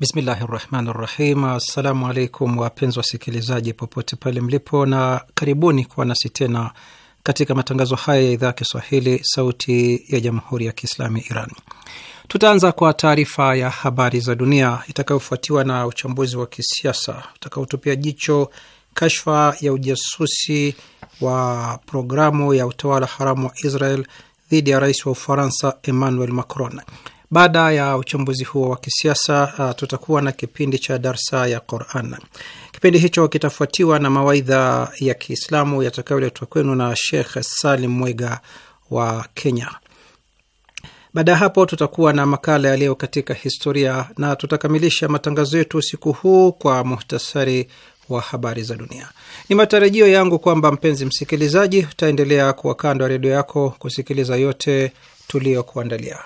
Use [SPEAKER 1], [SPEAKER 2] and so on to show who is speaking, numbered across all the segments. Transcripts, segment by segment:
[SPEAKER 1] Bismillahi rahmani rahim. Assalamu alaikum wapenzi wasikilizaji popote pale mlipo, na karibuni kuwa nasi tena katika matangazo haya ya idhaa ya Kiswahili sauti ya jamhuri ya Kiislami Iran. Tutaanza kwa taarifa ya habari za dunia itakayofuatiwa na uchambuzi wa kisiasa utakaotupia jicho kashfa ya ujasusi wa programu ya utawala haramu wa Israel dhidi ya rais wa Ufaransa Emmanuel Macron. Baada ya uchambuzi huo wa kisiasa, uh, tutakuwa na kipindi cha darsa ya Quran. Kipindi hicho kitafuatiwa na mawaidha ya Kiislamu yatakayoletwa kwenu na Shekh Salim Mwega wa Kenya. Baada ya hapo tutakuwa na makala ya leo katika historia na tutakamilisha matangazo yetu usiku huu kwa muhtasari wa habari za dunia. Ni matarajio yangu kwamba mpenzi msikilizaji, utaendelea kuwa kando ya redio yako kusikiliza yote tuliyokuandalia.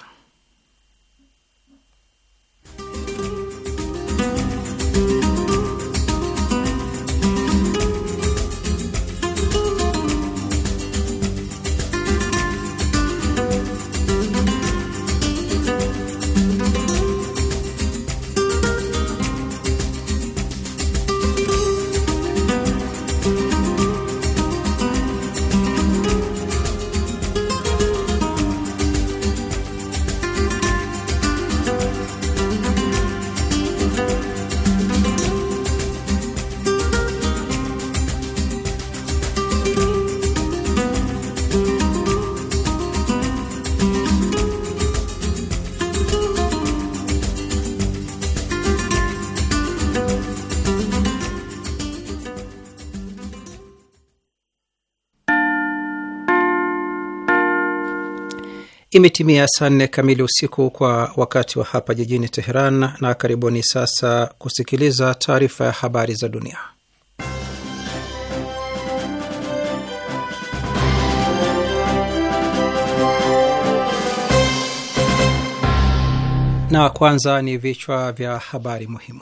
[SPEAKER 1] Imetimia saa nne kamili usiku kwa wakati wa hapa jijini Teheran, na karibuni sasa kusikiliza taarifa ya habari za dunia. Na kwanza ni vichwa vya habari muhimu.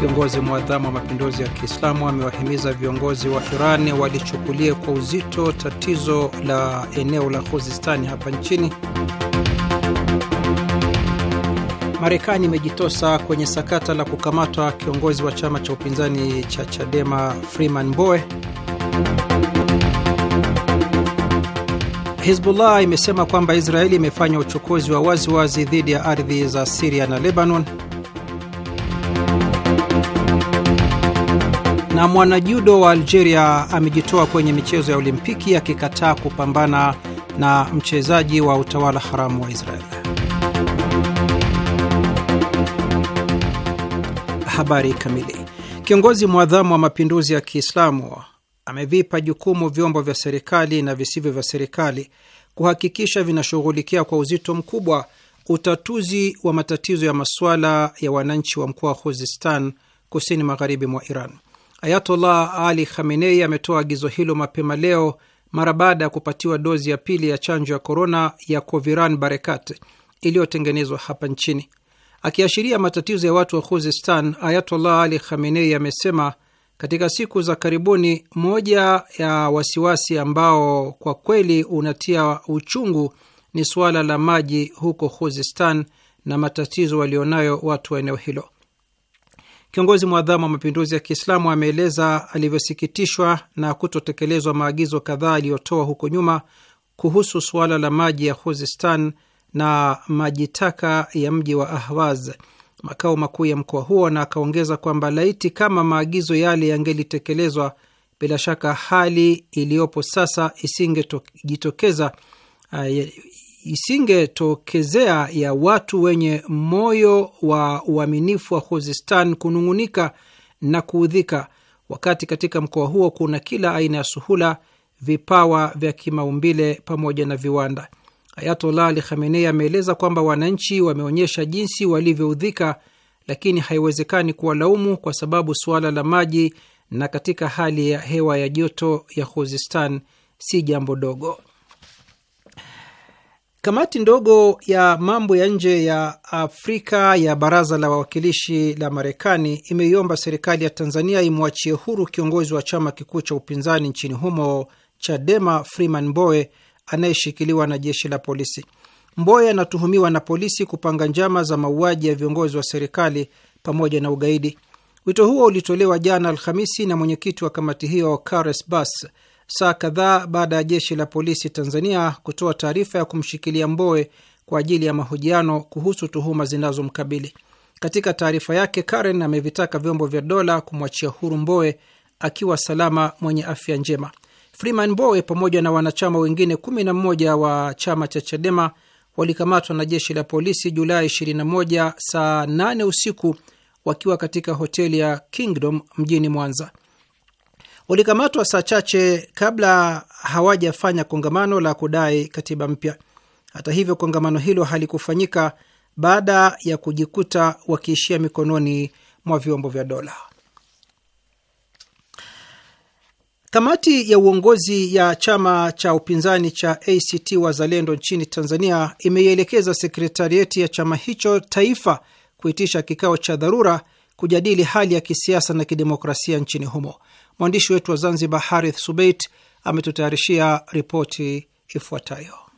[SPEAKER 1] Kiongozi mwadhamu wa mapinduzi ya Kiislamu amewahimiza viongozi wa Iran walichukulie kwa uzito tatizo la eneo la Khuzistani hapa nchini. Marekani imejitosa kwenye sakata la kukamatwa kiongozi wa chama cha upinzani cha Chadema Freeman Mbowe. Hizbullah imesema kwamba Israeli imefanya uchokozi wa waziwazi dhidi ya ardhi za Siria na Lebanon. Na mwanajudo wa Algeria amejitoa kwenye michezo ya Olimpiki akikataa kupambana na mchezaji wa utawala haramu wa Israeli. Habari kamili. Kiongozi mwadhamu wa mapinduzi ya Kiislamu amevipa jukumu vyombo vya serikali na visivyo vya serikali kuhakikisha vinashughulikia kwa uzito mkubwa utatuzi wa matatizo ya masuala ya wananchi wa mkoa wa Khuzistan kusini magharibi mwa Iran. Ayatollah Ali Khamenei ametoa agizo hilo mapema leo mara baada ya kupatiwa dozi ya pili ya chanjo ya korona ya Coviran Barekat iliyotengenezwa hapa nchini. Akiashiria matatizo ya watu wa Khuzistan, Ayatollah Ali Khamenei amesema katika siku za karibuni, moja ya wasiwasi ambao kwa kweli unatia uchungu ni suala la maji huko Khuzistan na matatizo walionayo watu wa eneo hilo. Kiongozi mwadhamu wa mapinduzi ya Kiislamu ameeleza alivyosikitishwa na kutotekelezwa maagizo kadhaa aliyotoa huko nyuma kuhusu suala la maji ya Khuzistan na maji taka ya mji wa Ahwaz, makao makuu ya mkoa huo, na akaongeza kwamba laiti kama maagizo yale yangelitekelezwa, bila shaka hali iliyopo sasa isingejitokeza, eh, isingetokezea ya watu wenye moyo wa uaminifu wa Khuzistan kunung'unika na kuudhika, wakati katika mkoa huo kuna kila aina ya suhula, vipawa vya kimaumbile pamoja na viwanda. Ayatollah Ali Khamenei ameeleza kwamba wananchi wameonyesha jinsi walivyoudhika, lakini haiwezekani kuwalaumu kwa sababu suala la maji na katika hali ya hewa ya joto ya Khuzistan si jambo dogo. Kamati ndogo ya mambo ya nje ya Afrika ya Baraza la Wawakilishi la Marekani imeiomba serikali ya Tanzania imwachie huru kiongozi wa chama kikuu cha upinzani nchini humo Chadema, Freeman Mbowe anayeshikiliwa na jeshi la polisi. Mbowe anatuhumiwa na polisi kupanga njama za mauaji ya viongozi wa serikali pamoja na ugaidi. Wito huo ulitolewa jana Alhamisi na mwenyekiti wa kamati hiyo Cares Bas saa kadhaa baada ya jeshi la polisi Tanzania kutoa taarifa ya kumshikilia Mbowe kwa ajili ya mahojiano kuhusu tuhuma zinazomkabili. Katika taarifa yake, Karen amevitaka vyombo vya dola kumwachia huru Mbowe akiwa salama, mwenye afya njema. Freeman Mbowe pamoja na wanachama wengine 11 wa chama cha Chadema walikamatwa na jeshi la polisi Julai 21 saa 8 usiku wakiwa katika hoteli ya Kingdom mjini Mwanza ulikamatwa saa chache kabla hawajafanya kongamano la kudai katiba mpya. Hata hivyo, kongamano hilo halikufanyika baada ya kujikuta wakiishia mikononi mwa vyombo vya dola. Kamati ya uongozi ya chama cha upinzani cha ACT Wazalendo nchini Tanzania imeielekeza sekretarieti ya chama hicho taifa kuitisha kikao cha dharura kujadili hali ya kisiasa na kidemokrasia nchini humo. Mwandishi wetu wa Zanzibar, Harith Subeit, ametutayarishia ripoti ifuatayo.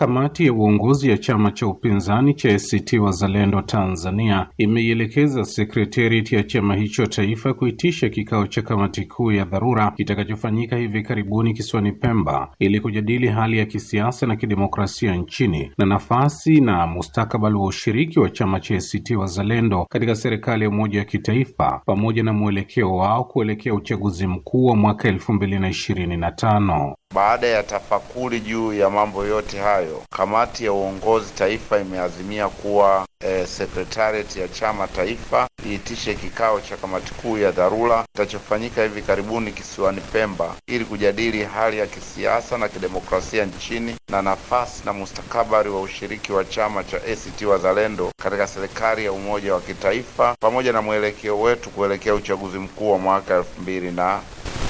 [SPEAKER 2] Kamati ya uongozi ya chama cha upinzani cha ACT Wazalendo Tanzania imeielekeza sekretarieti ya chama hicho taifa kuitisha kikao cha kamati kuu ya dharura kitakachofanyika hivi karibuni kisiwani Pemba ili kujadili hali ya kisiasa na kidemokrasia nchini na nafasi na mustakabali wa ushiriki wa chama cha ACT Wazalendo katika serikali ya umoja wa kitaifa pamoja na mwelekeo wao kuelekea uchaguzi mkuu wa mwaka elfu mbili na ishirini na tano.
[SPEAKER 3] Baada ya tafakuri juu ya mambo yote hayo, kamati ya uongozi taifa imeazimia kuwa e, eh, sekretarieti ya chama taifa iitishe kikao cha kamati kuu ya dharura kitachofanyika hivi karibuni kisiwani Pemba ili kujadili hali ya kisiasa na kidemokrasia nchini na nafasi na mustakabali wa ushiriki wa chama cha ACT Wazalendo katika serikali ya umoja wa kitaifa pamoja na mwelekeo wetu kuelekea uchaguzi mkuu wa mwaka elfu mbili na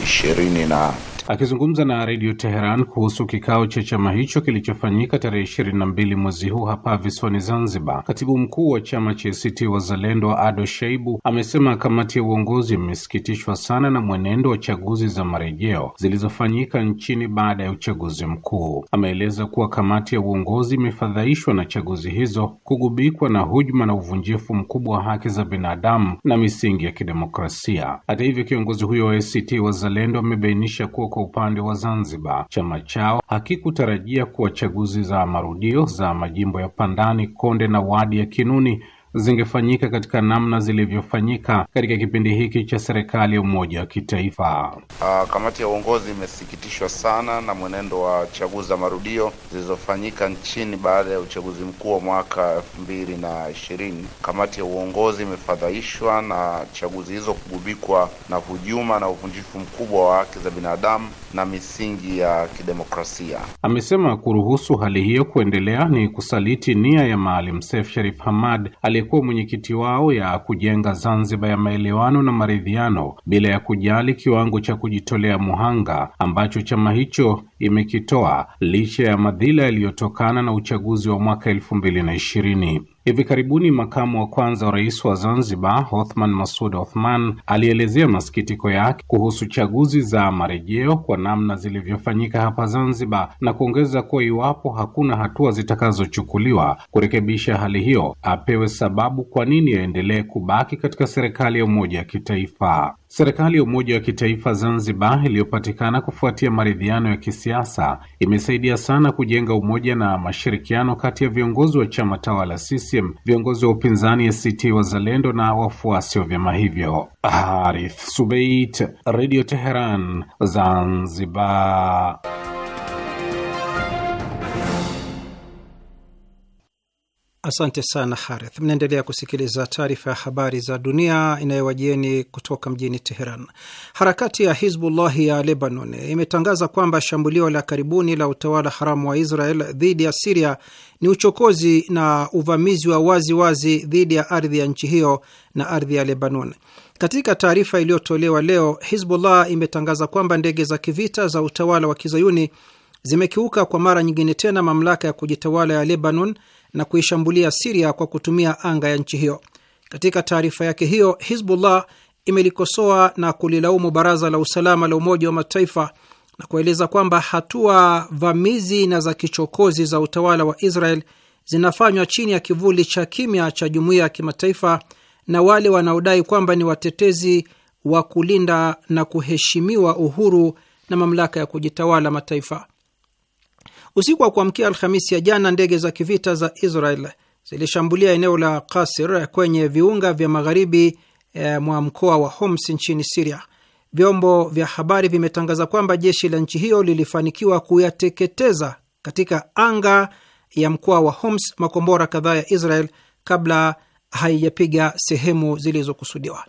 [SPEAKER 2] ishirini na Akizungumza na redio Teheran kuhusu kikao cha chama hicho kilichofanyika tarehe ishirini na mbili mwezi huu hapa visiwani Zanzibar, katibu mkuu wa chama cha ACT Wazalendo Ado Shaibu amesema kamati ya uongozi imesikitishwa sana na mwenendo wa chaguzi za marejeo zilizofanyika nchini baada ya uchaguzi mkuu. Ameeleza kuwa kamati ya uongozi imefadhaishwa na chaguzi hizo kugubikwa na hujuma na uvunjifu mkubwa wa haki za binadamu na misingi ya kidemokrasia. Hata hivyo, kiongozi huyo wa ACT Wazalendo amebainisha kuwa kwa upande wa Zanzibar, chama chao hakikutarajia kuwa chaguzi za marudio za majimbo ya Pandani, Konde na wadi ya Kinuni zingefanyika katika namna zilivyofanyika katika kipindi hiki cha serikali ya umoja wa kitaifa.
[SPEAKER 3] Uh, kamati ya uongozi imesikitishwa sana na mwenendo wa chaguzi za marudio zilizofanyika nchini baada ya uchaguzi mkuu wa mwaka elfu mbili na ishirini. Kamati ya uongozi imefadhaishwa na chaguzi hizo kugubikwa na hujuma na uvunjifu mkubwa wa haki za binadamu na misingi ya kidemokrasia.
[SPEAKER 2] Amesema kuruhusu hali hiyo kuendelea ni kusaliti nia ya Maalim Seif Sharif Hamad ali aliyekuwa mwenyekiti wao ya kujenga Zanzibar ya maelewano na maridhiano bila ya kujali kiwango cha kujitolea muhanga ambacho chama hicho imekitoa licha ya madhila yaliyotokana na uchaguzi wa mwaka elfu mbili na ishirini. Hivi karibuni makamu wa kwanza wa rais wa Zanzibar Othman Masud Othman alielezea masikitiko yake kuhusu chaguzi za marejeo kwa namna zilivyofanyika hapa Zanzibar na kuongeza kuwa iwapo hakuna hatua zitakazochukuliwa kurekebisha hali hiyo, apewe sababu kwa nini aendelee kubaki katika serikali ya umoja wa kitaifa. Serikali ya umoja wa kitaifa Zanzibar iliyopatikana kufuatia maridhiano ya kisiasa imesaidia sana kujenga umoja na mashirikiano kati ya viongozi wa chama tawala CCM, viongozi wa upinzani ACT Wazalendo na wafuasi wa vyama hivyo. Harith Subeit, Radio Teheran, Zanzibar.
[SPEAKER 1] Asante sana Harith. Mnaendelea kusikiliza taarifa ya habari za dunia inayowajieni kutoka mjini Teheran. Harakati ya Hizbullahi ya Lebanon imetangaza kwamba shambulio la karibuni la utawala haramu wa Israel dhidi ya Siria ni uchokozi na uvamizi wa wazi wazi dhidi ya ardhi ya nchi hiyo na ardhi ya Lebanon. Katika taarifa iliyotolewa leo, Hizbullah imetangaza kwamba ndege za kivita za utawala wa kizayuni zimekiuka kwa mara nyingine tena mamlaka ya kujitawala ya Lebanon na kuishambulia Siria kwa kutumia anga ya nchi hiyo. Katika taarifa yake hiyo, Hizbullah imelikosoa na kulilaumu Baraza la Usalama la Umoja wa Mataifa na kueleza kwamba hatua vamizi na za kichokozi za utawala wa Israel zinafanywa chini ya kivuli cha kimya cha jumuiya ya kimataifa na wale wanaodai kwamba ni watetezi wa kulinda na kuheshimiwa uhuru na mamlaka ya kujitawala mataifa. Usiku wa kuamkia Alhamisi ya jana, ndege za kivita za Israel zilishambulia eneo la Kasir kwenye viunga vya magharibi e, mwa mkoa wa Homs nchini Siria. Vyombo vya habari vimetangaza kwamba jeshi la nchi hiyo lilifanikiwa kuyateketeza katika anga ya mkoa wa Homs makombora kadhaa ya Israel kabla haijapiga sehemu zilizokusudiwa.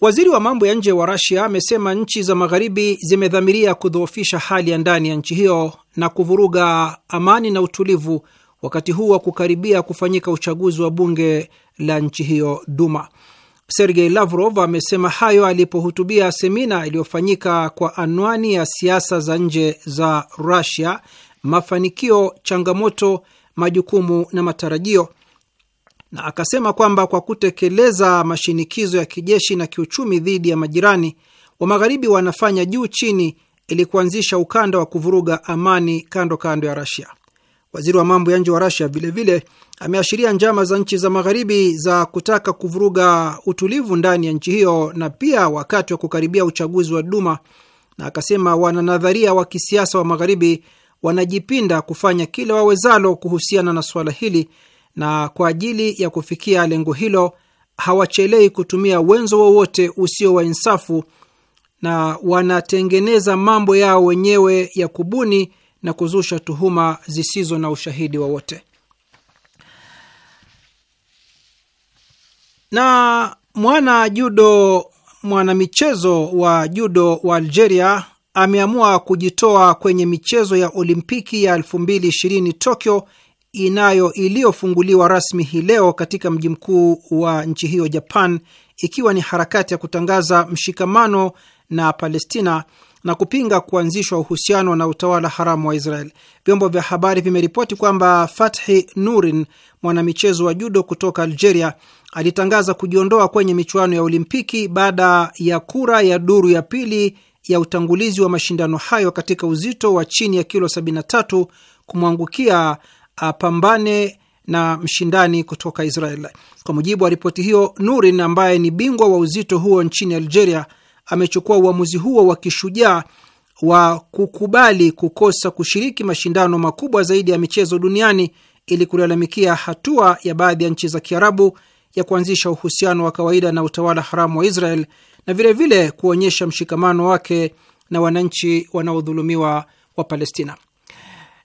[SPEAKER 1] Waziri wa mambo ya nje wa Rasia amesema nchi za magharibi zimedhamiria kudhoofisha hali ya ndani ya nchi hiyo na kuvuruga amani na utulivu wakati huu wa kukaribia kufanyika uchaguzi wa bunge la nchi hiyo Duma. Sergei Lavrov amesema hayo alipohutubia semina iliyofanyika kwa anwani ya siasa za nje za Rasia: mafanikio, changamoto, majukumu na matarajio na akasema kwamba kwa kutekeleza mashinikizo ya kijeshi na kiuchumi dhidi ya majirani wa magharibi wanafanya juu chini ili kuanzisha ukanda wa kuvuruga amani kando kando ya Rasia. Waziri wa mambo ya nje wa Rasia vilevile ameashiria njama za nchi za magharibi za kutaka kuvuruga utulivu ndani ya nchi hiyo na pia wakati wa kukaribia uchaguzi wa Duma, na akasema wananadharia wa kisiasa wa magharibi wanajipinda kufanya kila wawezalo kuhusiana na suala hili na kwa ajili ya kufikia lengo hilo hawachelei kutumia wenzo wowote usio wa insafu na wanatengeneza mambo yao wenyewe ya kubuni na kuzusha tuhuma zisizo na ushahidi wowote. Na mwana judo mwanamichezo wa judo wa Algeria ameamua kujitoa kwenye michezo ya Olimpiki ya 2020 Tokyo inayo iliyofunguliwa rasmi hii leo katika mji mkuu wa nchi hiyo Japan, ikiwa ni harakati ya kutangaza mshikamano na Palestina na kupinga kuanzishwa uhusiano na utawala haramu wa Israel. Vyombo vya habari vimeripoti kwamba Fathi Nurin, mwanamichezo wa judo kutoka Algeria, alitangaza kujiondoa kwenye michuano ya Olimpiki baada ya kura ya duru ya pili ya utangulizi wa mashindano hayo katika uzito wa chini ya kilo 73 kumwangukia apambane na mshindani kutoka Israel. Kwa mujibu wa ripoti hiyo, Nurin ambaye ni bingwa wa uzito huo nchini Algeria amechukua uamuzi huo wa kishujaa wa kukubali kukosa kushiriki mashindano makubwa zaidi ya michezo duniani ili kulalamikia hatua ya baadhi ya nchi za Kiarabu ya kuanzisha uhusiano wa kawaida na utawala haramu wa Israel na vilevile vile kuonyesha mshikamano wake na wananchi wanaodhulumiwa wa Palestina.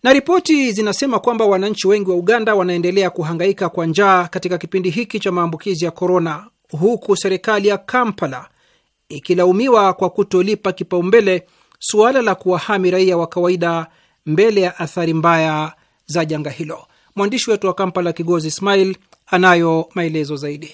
[SPEAKER 1] Na ripoti zinasema kwamba wananchi wengi wa Uganda wanaendelea kuhangaika kwa njaa katika kipindi hiki cha maambukizi ya korona, huku serikali ya Kampala ikilaumiwa kwa kutolipa kipaumbele suala la kuwahami raia wa kawaida mbele ya athari mbaya za janga hilo. Mwandishi wetu wa Kampala, Kigozi Ismail, anayo maelezo zaidi.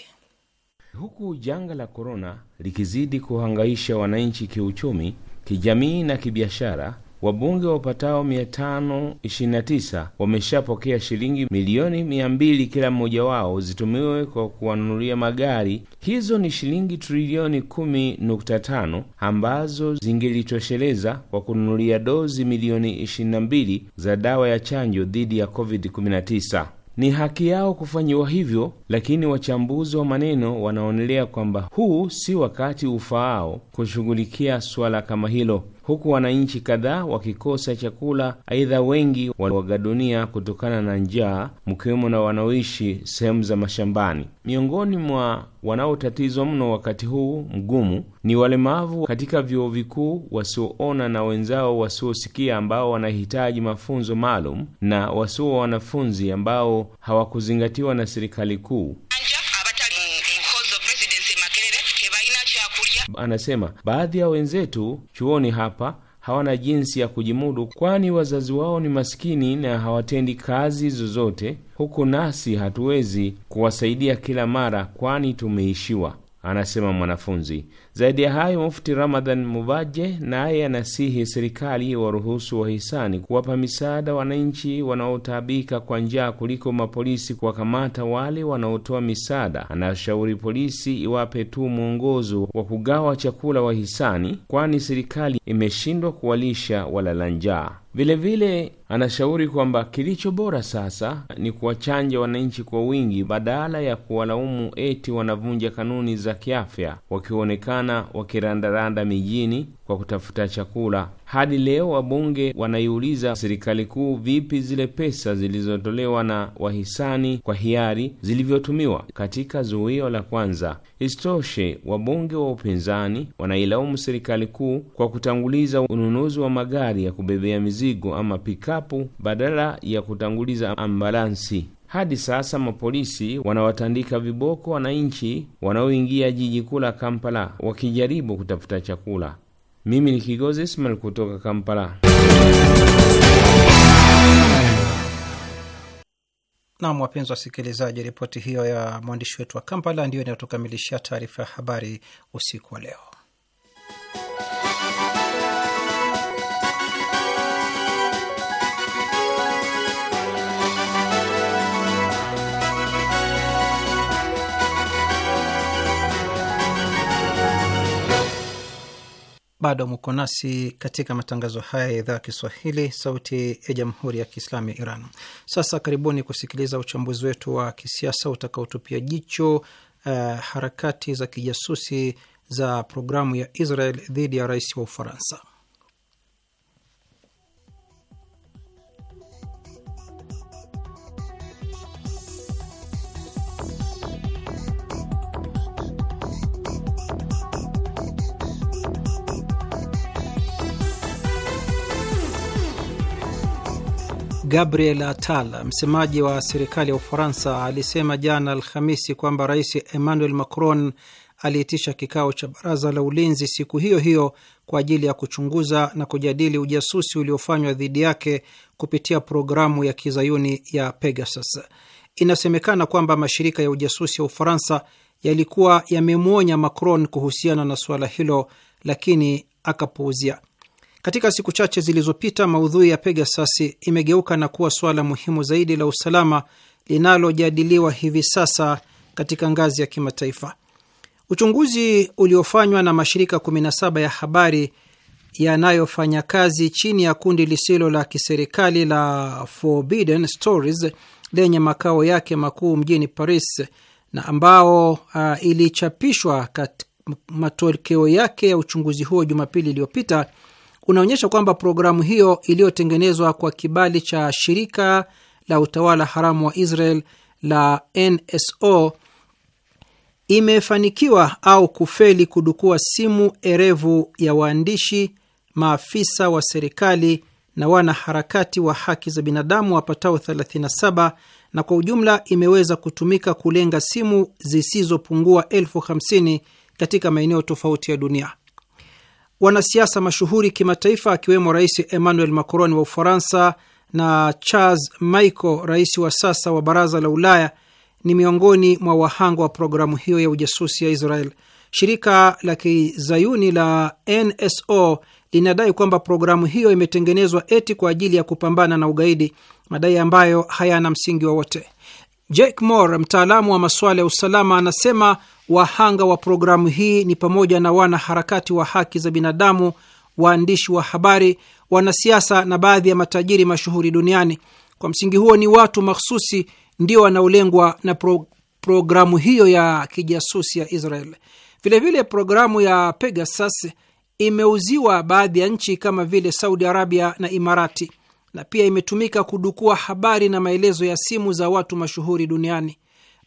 [SPEAKER 1] Huku
[SPEAKER 3] janga la korona likizidi kuhangaisha wananchi kiuchumi, kijamii na kibiashara Wabunge wapatao 529 wameshapokea shilingi milioni 200 kila mmoja wao zitumiwe kwa kuwanunulia magari. Hizo ni shilingi trilioni 10.5 ambazo zingelitosheleza kwa kununulia dozi milioni 22 za dawa ya chanjo dhidi ya COVID-19. Ni haki yao kufanyiwa hivyo, lakini wachambuzi wa maneno wanaonelea kwamba huu si wakati ufaao kushughulikia suala kama hilo huku wananchi kadhaa wakikosa chakula. Aidha, wengi wawagadunia dunia kutokana na njaa, mkiwemo na wanaoishi sehemu za mashambani. Miongoni mwa wanaotatizwa mno wakati huu mgumu ni walemavu katika vyuo vikuu, wasioona na wenzao wasiosikia, ambao wanahitaji mafunzo maalum na wasio wanafunzi ambao hawakuzingatiwa na serikali kuu. anasema baadhi ya wenzetu chuoni hapa hawana jinsi ya kujimudu, kwani wazazi wao ni masikini na hawatendi kazi zozote, huku nasi hatuwezi kuwasaidia kila mara, kwani tumeishiwa anasema mwanafunzi. Zaidi ya hayo, Mufti Ramadhan Mubaje naye anasihi serikali waruhusu wahisani kuwapa misaada wananchi wanaotaabika kwa njaa kuliko mapolisi kuwakamata wale wanaotoa misaada. Anashauri polisi iwape tu mwongozo wa kugawa chakula wahisani, kwani serikali imeshindwa kuwalisha walala njaa. Vilevile anashauri kwamba kilicho bora sasa ni kuwachanja wananchi kwa wingi badala ya kuwalaumu eti wanavunja kanuni za kiafya wakionekana wakirandaranda mijini kwa kutafuta chakula. Hadi leo wabunge wanaiuliza serikali kuu vipi zile pesa zilizotolewa na wahisani kwa hiari zilivyotumiwa katika zuio la kwanza. Isitoshe, wabunge wa upinzani wanailaumu serikali kuu kwa kutanguliza ununuzi wa magari ya kubebea mizigo ama pikapu badala ya kutanguliza ambulansi. Hadi sasa mapolisi wanawatandika viboko wananchi wanaoingia jiji kuu la Kampala wakijaribu kutafuta chakula. Mimi ni Kigozi Ismail kutoka Kampala.
[SPEAKER 1] Nam, wapenzi wasikilizaji, ripoti hiyo ya mwandishi wetu wa Kampala ndiyo inayotukamilishia taarifa ya habari usiku wa leo. Bado muko nasi katika matangazo haya ya idhaa ya Kiswahili, sauti ya jamhuri ya kiislamu ya Iran. Sasa karibuni kusikiliza uchambuzi wetu wa kisiasa utakaotupia jicho uh, harakati za kijasusi za programu ya Israel dhidi ya rais wa Ufaransa. Gabriel Attal, msemaji wa serikali ya Ufaransa, alisema jana Alhamisi kwamba Rais Emmanuel Macron aliitisha kikao cha baraza la ulinzi siku hiyo hiyo kwa ajili ya kuchunguza na kujadili ujasusi uliofanywa dhidi yake kupitia programu ya kizayuni ya Pegasus. Inasemekana kwamba mashirika ya ujasusi ya Ufaransa yalikuwa yamemwonya Macron kuhusiana na suala hilo, lakini akapuuzia. Katika siku chache zilizopita, maudhui ya Pegasus imegeuka na kuwa suala muhimu zaidi la usalama linalojadiliwa hivi sasa katika ngazi ya kimataifa. Uchunguzi uliofanywa na mashirika 17 ya habari yanayofanya kazi chini ya kundi lisilo la kiserikali la Forbidden Stories lenye makao yake makuu mjini Paris na ambao uh, ilichapishwa matokeo yake ya uchunguzi huo Jumapili iliyopita unaonyesha kwamba programu hiyo iliyotengenezwa kwa kibali cha shirika la utawala haramu wa Israel la NSO imefanikiwa au kufeli kudukua simu erevu ya waandishi, maafisa wa serikali na wanaharakati wa haki za binadamu wapatao 37 na kwa ujumla imeweza kutumika kulenga simu zisizopungua elfu katika maeneo tofauti ya dunia. Wanasiasa mashuhuri kimataifa akiwemo Rais Emmanuel Macron wa Ufaransa na Charles Michel, rais wa sasa wa Baraza la Ulaya, ni miongoni mwa wahanga wa programu hiyo ya ujasusi ya Israel. Shirika la kizayuni la NSO linadai kwamba programu hiyo imetengenezwa eti kwa ajili ya kupambana na ugaidi, madai ambayo hayana msingi wowote. Jake Moore, mtaalamu wa masuala ya usalama, anasema Wahanga wa programu hii ni pamoja na wanaharakati wa haki za binadamu, waandishi wa habari, wanasiasa na baadhi ya matajiri mashuhuri duniani. Kwa msingi huo, ni watu mahsusi ndio wanaolengwa na pro programu hiyo ya kijasusi ya Israel. Vilevile vile programu ya Pegasus imeuziwa baadhi ya nchi kama vile Saudi Arabia na Imarati, na pia imetumika kudukua habari na maelezo ya simu za watu mashuhuri duniani.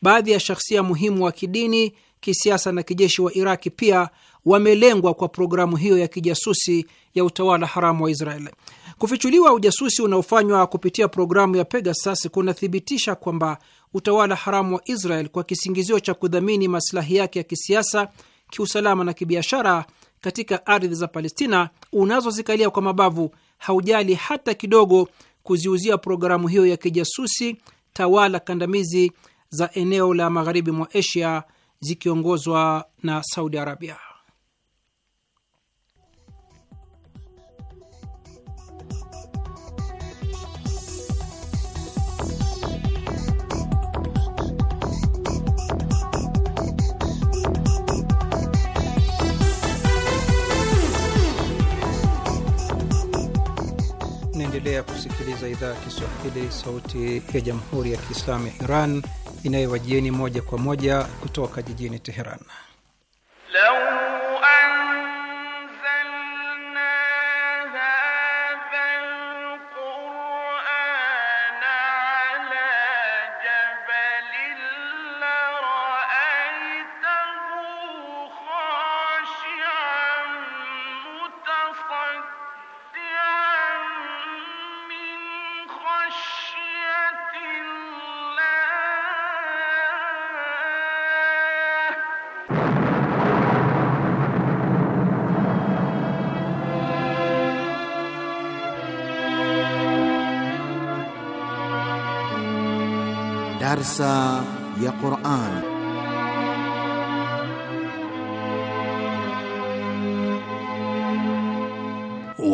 [SPEAKER 1] Baadhi ya shahsia muhimu wa kidini kisiasa na kijeshi wa Iraki pia wamelengwa kwa programu hiyo ya kijasusi ya utawala haramu wa israel Kufichuliwa ujasusi unaofanywa kupitia programu ya Pegasus kunathibitisha kwamba utawala haramu wa Israel kwa kisingizio cha kudhamini maslahi yake ya kisiasa, kiusalama na kibiashara katika ardhi za Palestina unazozikalia kwa mabavu, haujali hata kidogo kuziuzia programu hiyo ya kijasusi tawala kandamizi za eneo la magharibi mwa Asia zikiongozwa na Saudi Arabia. Naendelea kusikiliza idhaa ya Kiswahili, sauti ya jamhuri ya kiislamu ya Iran inayowajieni moja kwa moja kutoka jijini Teheran.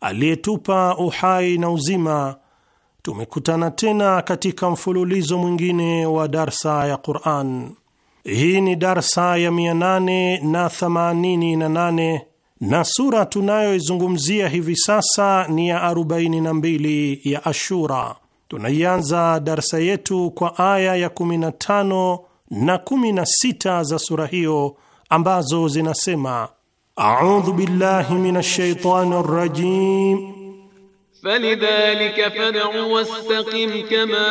[SPEAKER 4] aliyetupa uhai na uzima, tumekutana tena katika mfululizo mwingine wa darsa ya Quran. Hii ni darsa ya 888 na sura tunayoizungumzia hivi sasa ni ya 42 ya Ashura. Tunaianza darsa yetu kwa aya ya 15 na 16 za sura hiyo ambazo zinasema أعوذ بالله من الشيطان الرجيم
[SPEAKER 5] فلذلك فادع واستقم كما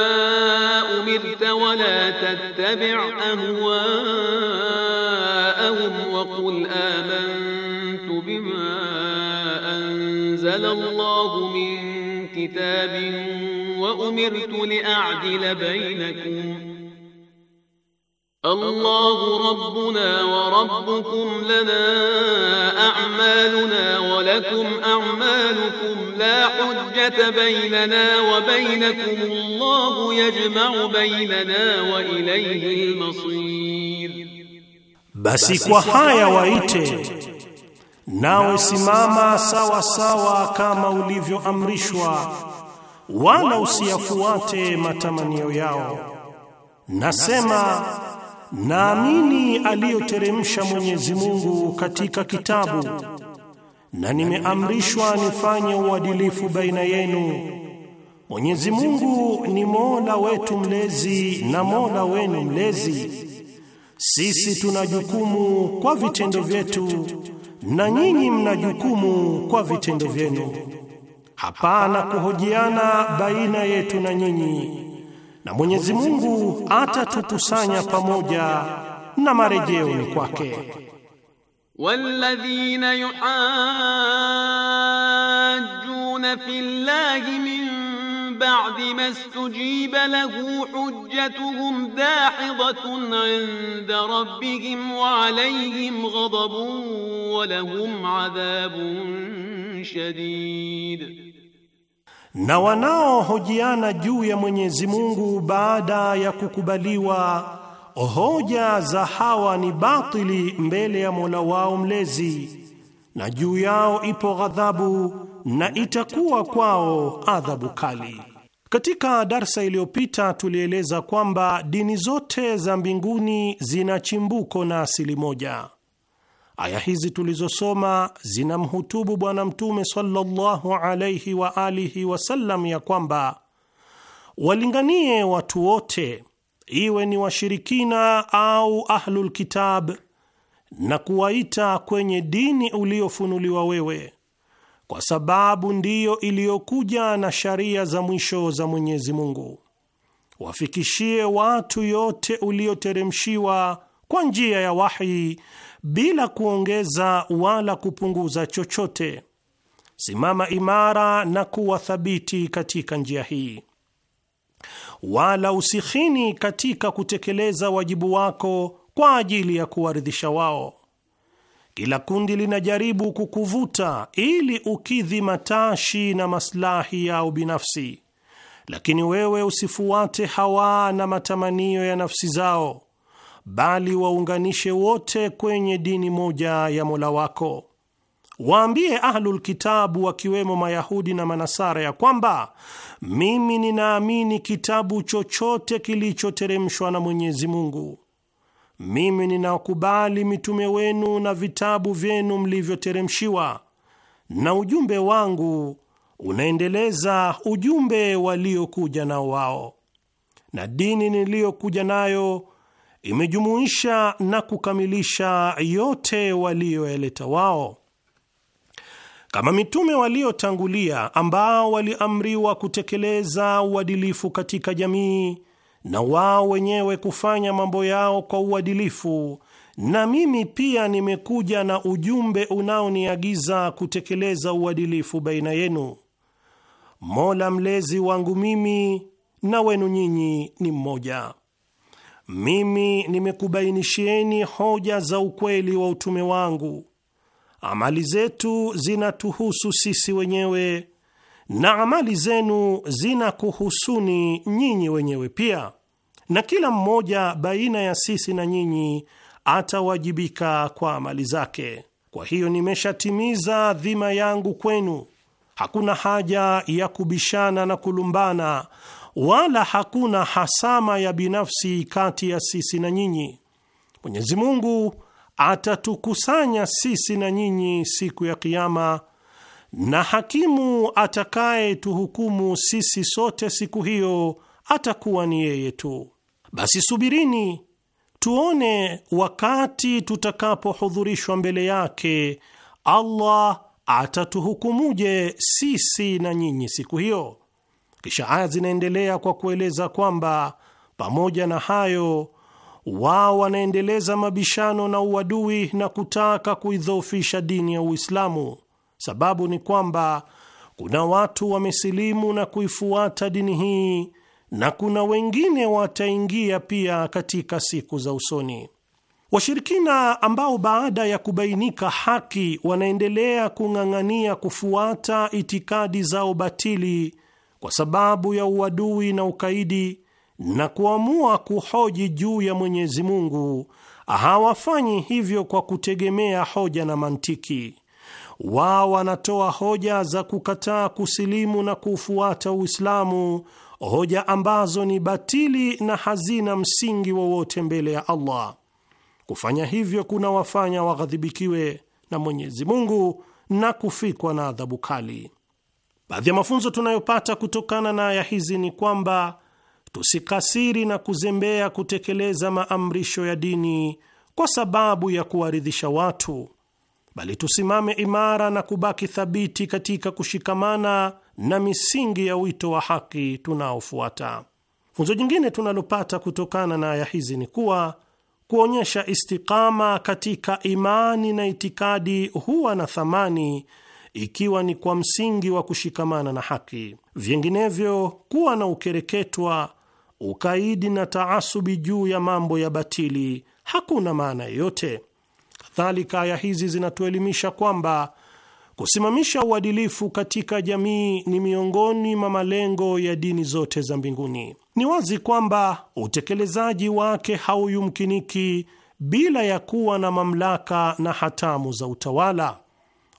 [SPEAKER 5] أمرت ولا تتبع أهواءهم وقل آمنت بما أنزل الله من كتاب وأمرت لأعدل بينكم Allahu rabbuna wa rabbukum lana a'maluna wa lakum a'malukum la hujjata baynana wa baynakum Allahu yajma'u baynana wa ilayhi al-masir,
[SPEAKER 6] basi kwa
[SPEAKER 4] haya waite nawe simama sawa sawa kama ulivyoamrishwa, wala usiyafuate matamanio yao. Nasema Naamini aliyoteremsha Mwenyezi Mungu katika kitabu na nimeamrishwa nifanye uadilifu baina yenu. Mwenyezi Mungu ni Mola wetu mlezi na Mola wenu mlezi. Sisi tuna jukumu kwa vitendo vyetu na nyinyi mna jukumu kwa vitendo vyenu. Hapana kuhojiana baina yetu na nyinyi. na Mwenyezi Mungu atatukusanya pamoja na marejeo ni kwake.
[SPEAKER 5] walladhina yuhajjuna fillahi min ba'di mastujiba lahu hujjatuhum dahidatun 'inda rabbihim wa 'alayhim ghadabun wa lahum 'adhabun shadid
[SPEAKER 4] na wanaohojiana juu ya Mwenyezi Mungu baada ya kukubaliwa hoja za hawa ni batili mbele ya Mola wao mlezi, na juu yao ipo ghadhabu na itakuwa kwao adhabu kali. Katika darsa iliyopita tulieleza kwamba dini zote za mbinguni zina chimbuko na asili moja. Aya hizi tulizosoma zinamhutubu Bwana Mtume sallallahu alaihi wa alihi wasallam ya kwamba walinganie watu wote, iwe ni washirikina au ahlulkitab, na kuwaita kwenye dini uliofunuliwa wewe, kwa sababu ndiyo iliyokuja na sharia za mwisho za Mwenyezi Mungu. Wafikishie watu yote ulioteremshiwa kwa njia ya wahi bila kuongeza wala kupunguza chochote. Simama imara na kuwa thabiti katika njia hii, wala usikhini katika kutekeleza wajibu wako kwa ajili ya kuwaridhisha wao. Kila kundi linajaribu kukuvuta ili ukidhi matashi na maslahi yao binafsi, lakini wewe usifuate hawa na matamanio ya nafsi zao bali waunganishe wote kwenye dini moja ya Mola wako. Waambie Ahlul Kitabu wakiwemo Mayahudi na Manasara ya kwamba mimi ninaamini kitabu chochote kilichoteremshwa na Mwenyezi Mungu. Mimi ninakubali mitume wenu na vitabu vyenu mlivyoteremshiwa, na ujumbe wangu unaendeleza ujumbe waliokuja nao wao, na dini niliyokuja nayo imejumuisha na kukamilisha yote waliyoyaleta wao kama mitume waliotangulia ambao waliamriwa kutekeleza uadilifu katika jamii na wao wenyewe kufanya mambo yao kwa uadilifu. Na mimi pia nimekuja na ujumbe unaoniagiza kutekeleza uadilifu baina yenu. Mola mlezi wangu mimi na wenu nyinyi ni mmoja mimi nimekubainishieni hoja za ukweli wa utume wangu. Amali zetu zinatuhusu sisi wenyewe na amali zenu zinakuhusuni nyinyi wenyewe pia, na kila mmoja baina ya sisi na nyinyi atawajibika kwa amali zake. Kwa hiyo nimeshatimiza dhima yangu kwenu, hakuna haja ya kubishana na kulumbana wala hakuna hasama ya binafsi kati ya sisi na nyinyi. Mwenyezi Mungu atatukusanya sisi na nyinyi siku ya Kiama, na hakimu atakayetuhukumu sisi sote siku hiyo atakuwa ni yeye tu. Basi subirini tuone wakati tutakapohudhurishwa mbele yake Allah atatuhukumuje sisi na nyinyi siku hiyo. Kisha aya zinaendelea kwa kueleza kwamba pamoja na hayo wao wanaendeleza mabishano na uadui na kutaka kuidhoofisha dini ya Uislamu. Sababu ni kwamba kuna watu wamesilimu na kuifuata dini hii na kuna wengine wataingia pia katika siku za usoni. Washirikina ambao baada ya kubainika haki wanaendelea kung'ang'ania kufuata itikadi zao batili kwa sababu ya uadui na ukaidi na kuamua kuhoji juu ya Mwenyezi Mungu, hawafanyi hivyo kwa kutegemea hoja na mantiki. Wao wanatoa hoja za kukataa kusilimu na kufuata Uislamu, hoja ambazo ni batili na hazina msingi wowote mbele ya Allah. Kufanya hivyo kuna wafanya waghadhibikiwe na Mwenyezi Mungu na kufikwa na adhabu kali. Baadhi ya mafunzo tunayopata kutokana na aya hizi ni kwamba tusikasiri na kuzembea kutekeleza maamrisho ya dini kwa sababu ya kuwaridhisha watu, bali tusimame imara na kubaki thabiti katika kushikamana na misingi ya wito wa haki tunaofuata. Funzo jingine tunalopata kutokana na aya hizi ni kuwa kuonyesha istikama katika imani na itikadi huwa na thamani ikiwa ni kwa msingi wa kushikamana na haki. Vinginevyo, kuwa na ukereketwa, ukaidi na taasubi juu ya mambo ya batili hakuna maana yoyote. Kadhalika, aya hizi zinatuelimisha kwamba kusimamisha uadilifu katika jamii ni miongoni mwa malengo ya dini zote za mbinguni. Ni wazi kwamba utekelezaji wake hauyumkiniki bila ya kuwa na mamlaka na hatamu za utawala.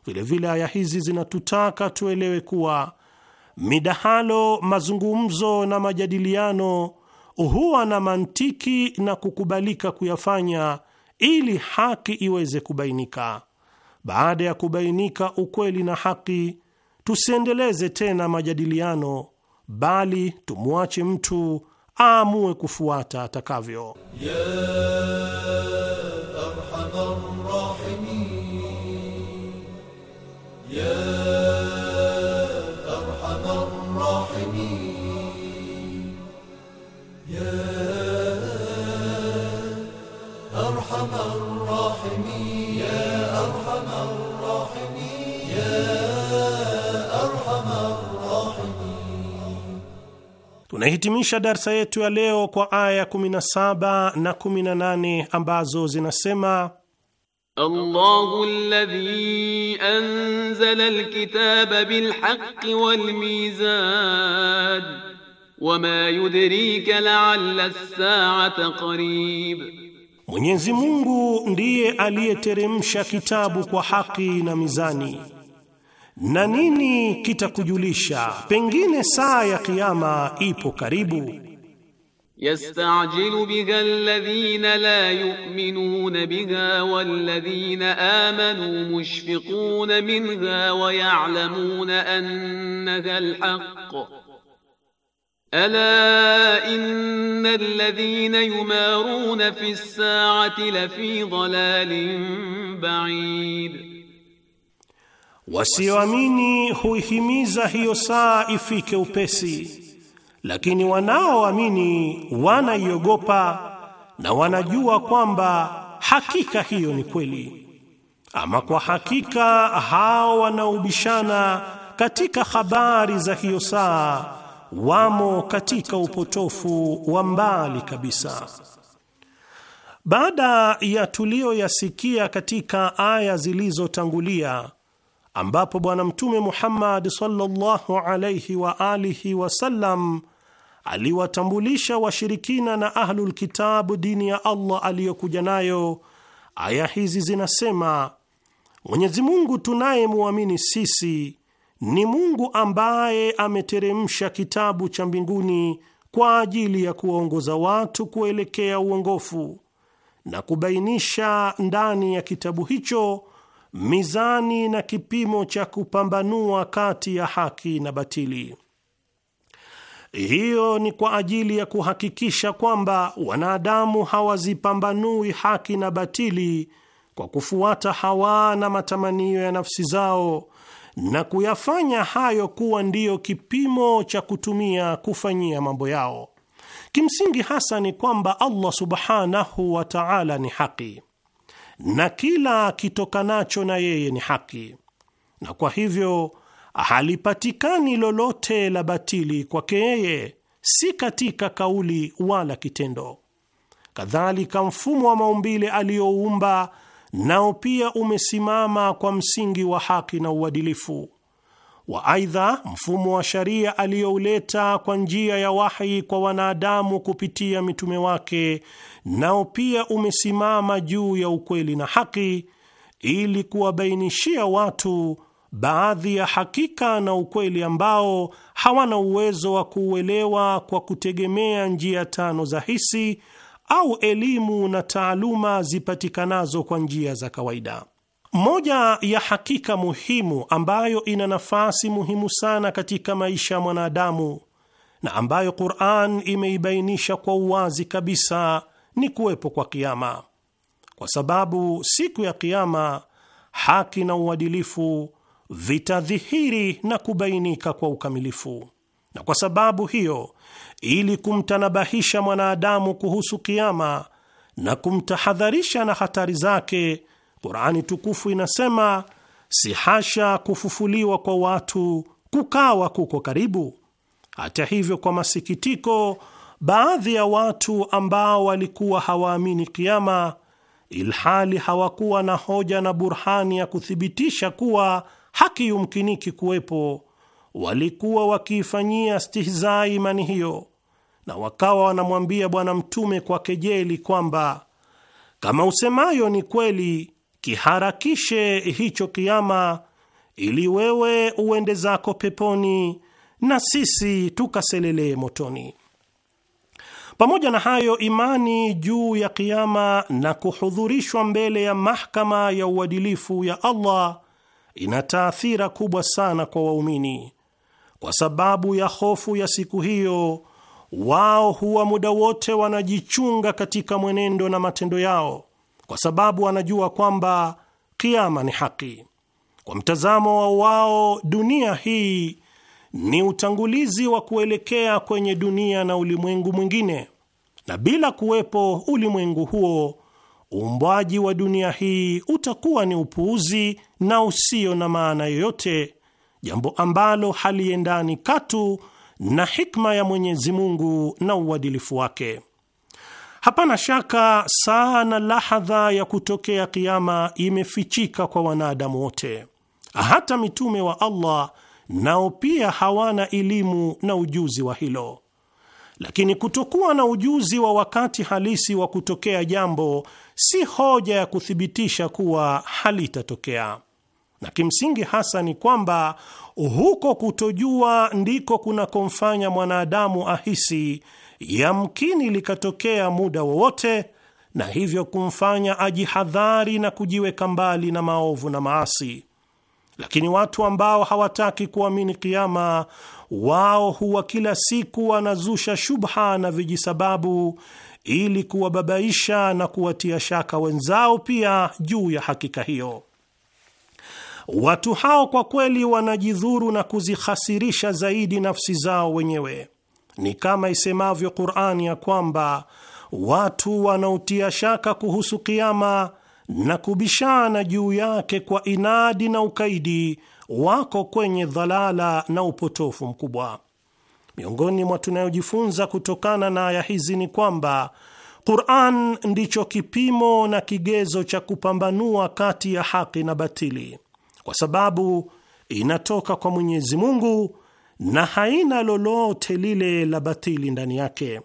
[SPEAKER 4] Vilevile aya hizi zinatutaka tuelewe kuwa midahalo, mazungumzo na majadiliano huwa na mantiki na kukubalika kuyafanya ili haki iweze kubainika. Baada ya kubainika ukweli na haki, tusiendeleze tena majadiliano, bali tumwache mtu aamue kufuata atakavyo, yeah. tunahitimisha darsa yetu ya leo kwa aya 17 na 18 ambazo zinasema
[SPEAKER 5] Allahu alladhi anzala alkitaba bilhaqqi walmizan wama yudrika la'alla as-sa'ata qarib,
[SPEAKER 4] Mwenyezi Mungu ndiye aliyeteremsha kitabu kwa haki na mizani Na nini kitakujulisha pengine saa ya kiyama ipo karibu?
[SPEAKER 5] Yastajilu biha alladhina la yu'minuna biha walladhina amanu mushfiquna minha wa ya'lamuna annaha alhaq Ala inna alladhina yumaruna fi as-sa'ati lafi dhalalin ba'id
[SPEAKER 4] Wasioamini huihimiza hiyo saa ifike upesi, lakini wanaoamini wanaiogopa na wanajua kwamba hakika hiyo ni kweli. Ama kwa hakika hao wanaobishana katika habari za hiyo saa wamo katika upotofu wa mbali kabisa. Baada ya tuliyoyasikia katika aya zilizotangulia ambapo Bwana Mtume Muhammad sallallahu alayhi wa alihi wasallam aliwatambulisha washirikina na ahlul kitabu dini ya Allah aliyokuja nayo. Aya hizi zinasema, Mwenyezi Mungu tunayemwamini sisi ni Mungu ambaye ameteremsha kitabu cha mbinguni kwa ajili ya kuwaongoza watu kuelekea uongofu na kubainisha ndani ya kitabu hicho mizani na kipimo cha kupambanua kati ya haki na batili. Hiyo ni kwa ajili ya kuhakikisha kwamba wanadamu hawazipambanui haki na batili kwa kufuata hawa na matamanio ya nafsi zao na kuyafanya hayo kuwa ndiyo kipimo cha kutumia kufanyia mambo yao. Kimsingi hasa ni kwamba Allah subhanahu wa ta'ala ni haki na kila kitokanacho na yeye ni haki, na kwa hivyo halipatikani lolote la batili kwake yeye, si katika kauli wala kitendo. Kadhalika, mfumo wa maumbile aliyoumba nao pia umesimama kwa msingi wa haki na uadilifu wa aidha, mfumo wa sharia aliyouleta kwa njia ya wahi kwa wanadamu kupitia mitume wake nao pia umesimama juu ya ukweli na haki ili kuwabainishia watu baadhi ya hakika na ukweli ambao hawana uwezo wa kuuelewa kwa kutegemea njia tano za hisi au elimu na taaluma zipatikanazo kwa njia za kawaida. Moja ya hakika muhimu ambayo ina nafasi muhimu sana katika maisha ya mwanadamu na ambayo Qur'an imeibainisha kwa uwazi kabisa ni kuwepo kwa kiama, kwa sababu siku ya kiama haki na uadilifu vitadhihiri na kubainika kwa ukamilifu. Na kwa sababu hiyo, ili kumtanabahisha mwanadamu kuhusu kiama na kumtahadharisha na hatari zake Qurani tukufu inasema, si hasha kufufuliwa kwa watu kukawa kuko karibu. Hata hivyo, kwa masikitiko, baadhi ya watu ambao walikuwa hawaamini kiama, ilhali hawakuwa na hoja na burhani ya kuthibitisha kuwa haki yumkiniki kuwepo, walikuwa wakiifanyia stihzai imani hiyo, na wakawa wanamwambia Bwana Mtume kwa kejeli kwamba kama usemayo ni kweli kiharakishe hicho kiama, ili wewe uende zako peponi na sisi tukaselelee motoni. Pamoja na hayo, imani juu ya kiama na kuhudhurishwa mbele ya mahakama ya uadilifu ya Allah ina taathira kubwa sana kwa waumini. Kwa sababu ya hofu ya siku hiyo, wao huwa muda wote wanajichunga katika mwenendo na matendo yao kwa sababu anajua kwamba kiama ni haki. Kwa mtazamo wa wao, dunia hii ni utangulizi wa kuelekea kwenye dunia na ulimwengu mwingine, na bila kuwepo ulimwengu huo, uumbwaji wa dunia hii utakuwa ni upuuzi na usio na maana yoyote, jambo ambalo haliendani katu na hikma ya Mwenyezi Mungu na uadilifu wake. Hapana shaka saa na lahadha ya kutokea kiama imefichika kwa wanadamu wote, hata mitume wa Allah nao pia hawana elimu na ujuzi wa hilo. Lakini kutokuwa na ujuzi wa wakati halisi wa kutokea jambo si hoja ya kuthibitisha kuwa halitatokea, na kimsingi hasa ni kwamba huko kutojua ndiko kunakomfanya mwanadamu ahisi yamkini likatokea muda wowote, na hivyo kumfanya ajihadhari na kujiweka mbali na maovu na maasi. Lakini watu ambao hawataki kuamini kiama, wao huwa kila siku wanazusha shubha na vijisababu ili kuwababaisha na kuwatia shaka wenzao pia juu ya hakika hiyo. Watu hao kwa kweli wanajidhuru na kuzihasirisha zaidi nafsi zao wenyewe. Ni kama isemavyo Qur'ani ya kwamba watu wanaotia shaka kuhusu kiama na kubishana juu yake kwa inadi na ukaidi wako kwenye dhalala na upotofu mkubwa. Miongoni mwa tunayojifunza kutokana na aya hizi ni kwamba Qur'an ndicho kipimo na kigezo cha kupambanua kati ya haki na batili, kwa sababu inatoka kwa Mwenyezi Mungu na haina lolote lile la batili ndani yake.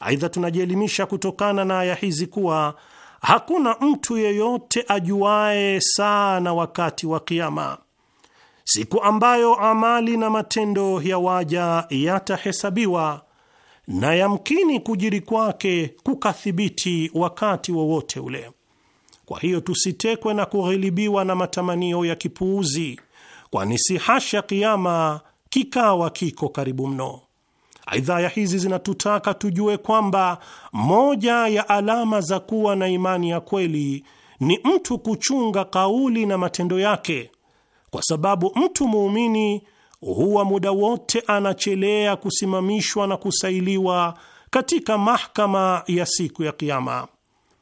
[SPEAKER 4] Aidha, tunajielimisha kutokana na aya hizi kuwa hakuna mtu yeyote ajuaye saa na wakati wa Kiama, siku ambayo amali na matendo ya waja yatahesabiwa na yamkini kujiri kwake kukathibiti wakati wowote wa ule. Kwa hiyo tusitekwe na kughilibiwa na matamanio ya kipuuzi, kwani si hasha kiama kikawa kiko karibu mno. Aidha, aya hizi zinatutaka tujue kwamba moja ya alama za kuwa na imani ya kweli ni mtu kuchunga kauli na matendo yake, kwa sababu mtu muumini huwa muda wote anachelea kusimamishwa na kusailiwa katika mahakama ya siku ya Kiama.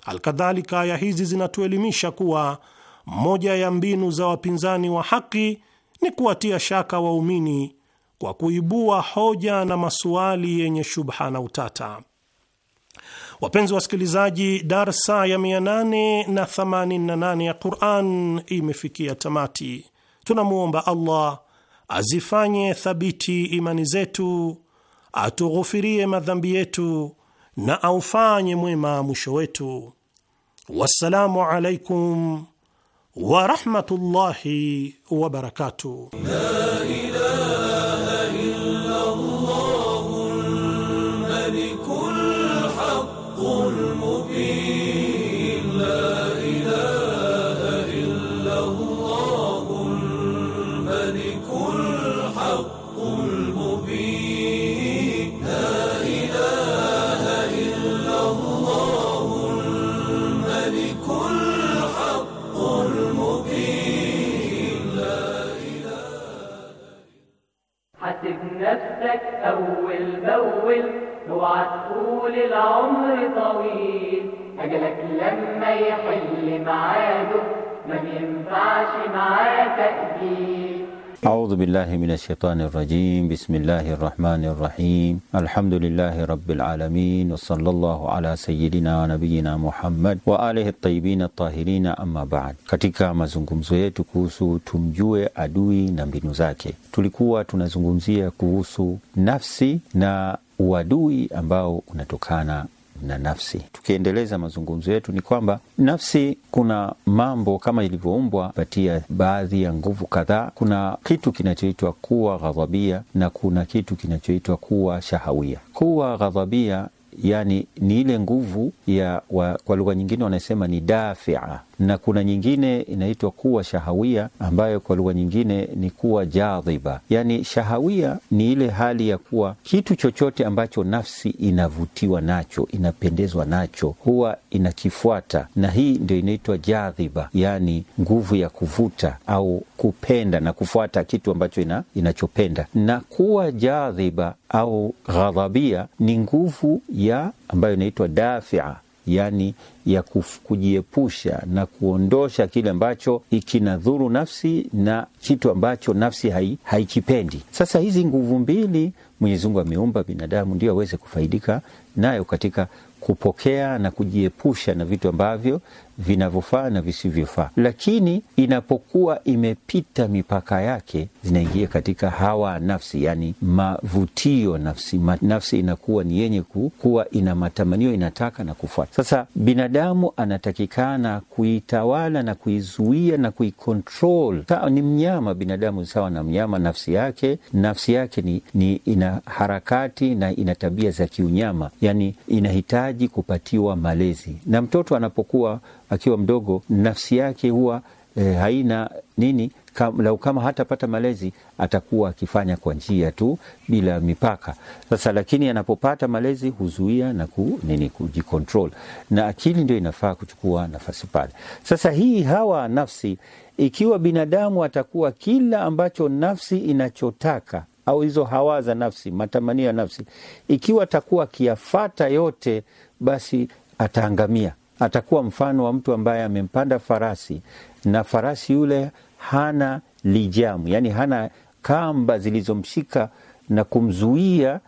[SPEAKER 4] Alkadhalika, aya hizi zinatuelimisha kuwa moja ya mbinu za wapinzani wa haki ni kuwatia shaka waumini kwa kuibua hoja na masuali yenye shubha na utata. Wapenzi wasikilizaji, darsa ya 888 ya Quran imefikia tamati. Tunamwomba Allah azifanye thabiti imani zetu, atughufirie madhambi yetu na aufanye mwema mwisho wetu. Wassalamu alaikum warahmatullahi wabarakatuh.
[SPEAKER 5] تكبير
[SPEAKER 7] أعوذ بالله من الشيطان الرجيم بسم الله الرحمن الرحيم الحمد لله رب العالمين وصلى الله على سيدنا ونبينا Muhammad wa alihi tayyibin tahirin amma ba'd. Katika mazungumzo yetu kuhusu tumjue adui na mbinu zake, tulikuwa tunazungumzia kuhusu nafsi na uadui ambao unatokana na nafsi. Tukiendeleza mazungumzo yetu, ni kwamba nafsi, kuna mambo kama ilivyoumbwa, patia baadhi ya nguvu kadhaa. Kuna kitu kinachoitwa kuwa ghadhabia na kuna kitu kinachoitwa kuwa shahawia. Kuwa ghadhabia yani ni ile nguvu ya wa, kwa lugha nyingine wanasema ni dafia, na kuna nyingine inaitwa kuwa shahawia, ambayo kwa lugha nyingine ni kuwa jadhiba. Yani shahawia ni ile hali ya kuwa kitu chochote ambacho nafsi inavutiwa nacho, inapendezwa nacho, huwa inakifuata, na hii ndio inaitwa jadhiba, yani nguvu ya kuvuta au kupenda na kufuata kitu ambacho ina, inachopenda. Na kuwa jadhiba au ghadhabia ni nguvu ya ya ambayo inaitwa dafia yani ya kujiepusha na kuondosha kile ambacho ikinadhuru nafsi na kitu ambacho nafsi hai, haikipendi. Sasa hizi nguvu mbili Mwenyezi Mungu ameumba binadamu ndio aweze kufaidika nayo katika kupokea na kujiepusha na vitu ambavyo vinavyofaa na visivyofaa, lakini inapokuwa imepita mipaka yake zinaingia katika hawa nafsi, yani mavutio nafsi. Ma, nafsi inakuwa ni yenye kuwa ina matamanio, inataka na kufuata. Sasa binadamu anatakikana kuitawala na kuizuia na kuikontrol. Ni mnyama binadamu, sawa na mnyama nafsi yake. Nafsi yake ni, ni ina harakati na ina tabia za kiunyama, yani inahitaji kupatiwa malezi, na mtoto anapokuwa akiwa mdogo, nafsi yake huwa e, haina nini kam, lau kama hatapata malezi atakuwa akifanya kwa njia tu bila mipaka. Sasa lakini anapopata malezi huzuia na ku, nini kujikontrol, na akili ndio inafaa kuchukua nafasi pale. Sasa hii hawa nafsi, ikiwa binadamu atakuwa kila ambacho nafsi inachotaka au hizo hawa za nafsi, matamanio ya nafsi, ikiwa atakuwa akiyafata yote, basi ataangamia atakuwa mfano wa mtu ambaye amempanda farasi na farasi yule hana lijamu, yaani hana kamba zilizomshika na kumzuia